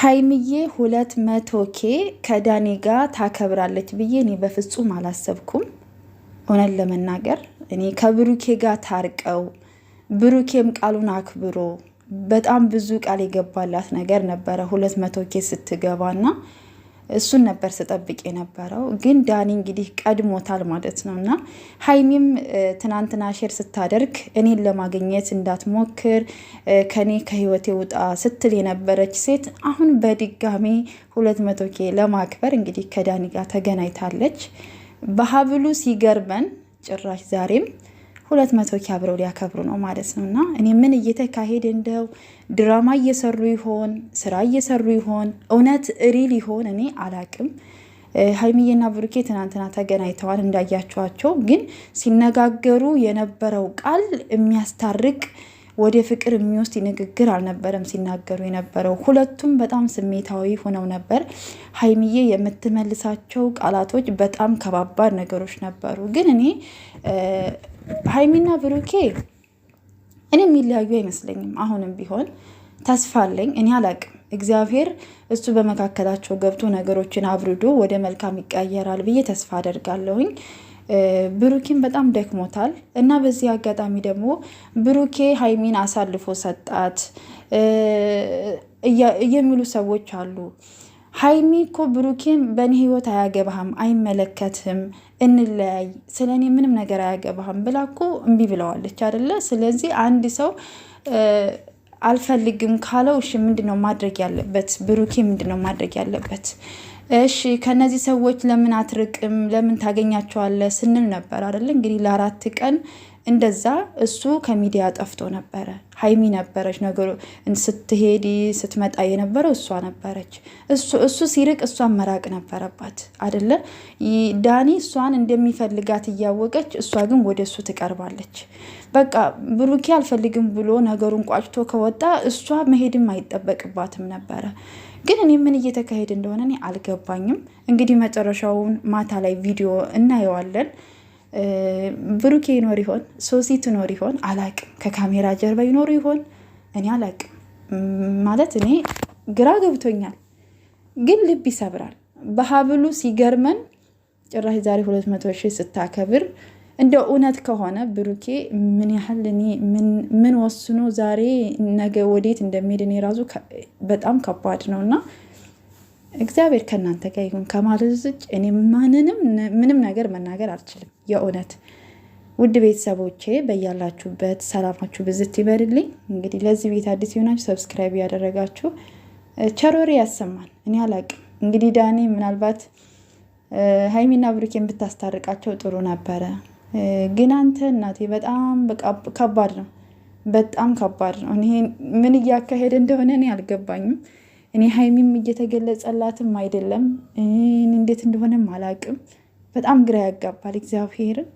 ሀይምዬ ሁለት መቶ ኬ ከዳኔ ጋር ታከብራለች ብዬ እኔ በፍጹም አላሰብኩም። እውነት ለመናገር እኔ ከብሩኬ ጋር ታርቀው ብሩኬም ቃሉን አክብሮ በጣም ብዙ ቃል የገባላት ነገር ነበረ ሁለት መቶ ኬ ስትገባና እሱን ነበር ስጠብቅ የነበረው። ግን ዳኒ እንግዲህ ቀድሞታል ማለት ነው እና ሀይሚም ትናንትና ሼር ስታደርግ እኔን ለማግኘት እንዳትሞክር ከኔ ከህይወቴ ውጣ ስትል የነበረች ሴት አሁን በድጋሚ ሁለት መቶ ኬ ለማክበር እንግዲህ ከዳኒ ጋር ተገናኝታለች። በሀብሉ ሲገርመን ጭራሽ ዛሬም ሁለት መቶ ኪ አብረው ሊያከብሩ ነው ማለት ነው። እና እኔ ምን እየተካሄደ እንደው ድራማ እየሰሩ ይሆን ስራ እየሰሩ ይሆን እውነት ሪል ይሆን እኔ አላቅም። ሀይሚዬና ብሩኬ ትናንትና ተገናኝተዋል እንዳያቸዋቸው ግን ሲነጋገሩ የነበረው ቃል የሚያስታርቅ ወደ ፍቅር የሚወስድ ንግግር አልነበረም ሲናገሩ የነበረው። ሁለቱም በጣም ስሜታዊ ሆነው ነበር። ሀይሚዬ የምትመልሳቸው ቃላቶች በጣም ከባባድ ነገሮች ነበሩ። ግን እኔ ሀይሚና ብሩኬ እኔ የሚለያዩ አይመስለኝም። አሁንም ቢሆን ተስፋ አለኝ። እኔ አላቅም እግዚአብሔር እሱ በመካከላቸው ገብቶ ነገሮችን አብርዶ ወደ መልካም ይቀየራል ብዬ ተስፋ አደርጋለሁኝ። ብሩኬን በጣም ደክሞታል እና በዚህ አጋጣሚ ደግሞ ብሩኬ ሀይሚን አሳልፎ ሰጣት የሚሉ ሰዎች አሉ። ሀይሚ እኮ ብሩኬን በእኔ ህይወት አያገባህም፣ አይመለከትም፣ እንለያይ፣ ስለ እኔ ምንም ነገር አያገባህም ብላ እኮ እምቢ ብለዋለች አደለ? ስለዚህ አንድ ሰው አልፈልግም ካለው እሺ፣ ምንድነው ማድረግ ያለበት? ብሩኬ ምንድነው ማድረግ ያለበት? እሺ ከነዚህ ሰዎች ለምን አትርቅም? ለምን ታገኛቸዋለህ ስንል ነበር አደለ? እንግዲህ ለአራት ቀን እንደዛ እሱ ከሚዲያ ጠፍቶ ነበረ። ሀይሚ ነበረች ነገሩ ስትሄድ ስትመጣ የነበረው እሷ ነበረች። እሱ ሲርቅ እሷን መራቅ ነበረባት አደለ? ዳኒ እሷን እንደሚፈልጋት እያወቀች እሷ ግን ወደ እሱ ትቀርባለች። በቃ ብሩኬ አልፈልግም ብሎ ነገሩን ቋጭቶ ከወጣ እሷ መሄድም አይጠበቅባትም ነበረ። ግን እኔ ምን እየተካሄደ እንደሆነ እኔ አልገባኝም። እንግዲህ መጨረሻውን ማታ ላይ ቪዲዮ እናየዋለን። ብሩኬ ይኖር ይሆን? ሶሲ ትኖር ይሆን? አላቅም። ከካሜራ ጀርባ ይኖሩ ይሆን? እኔ አላቅም። ማለት እኔ ግራ ገብቶኛል፣ ግን ልብ ይሰብራል። በሀብሉ ሲገርመን ጭራሽ ዛሬ ሁለት መቶ ሺህ ስታከብር እንደ እውነት ከሆነ ብሩኬ ምን ያህል እኔ ምን ወስኖ ዛሬ ነገ ወዴት እንደሚሄድ እኔ ራሱ በጣም ከባድ ነው እና እግዚአብሔር ከእናንተ ጋር ይሁን ከማለት ውጭ እኔ ማንንም ምንም ነገር መናገር አልችልም። የእውነት ውድ ቤተሰቦቼ በያላችሁበት ሰላማችሁ ብዝት ይበርልኝ። እንግዲህ ለዚህ ቤት አዲስ የሆናችሁ ሰብስክራይብ ያደረጋችሁ ቸሮሪ ያሰማን። እኔ አላቅም። እንግዲህ ዳኒ ምናልባት ሀይሚና ብሩኬን ብታስታርቃቸው ጥሩ ነበረ፣ ግን አንተ እናቴ በጣም ከባድ ነው፣ በጣም ከባድ ነው። እኔ ምን እያካሄደ እንደሆነ እኔ አልገባኝም። እኔ ሀይሚም እየተገለጸላትም አይደለም። እንዴት እንደሆነም አላቅም። በጣም ግራ ያጋባል እግዚአብሔርን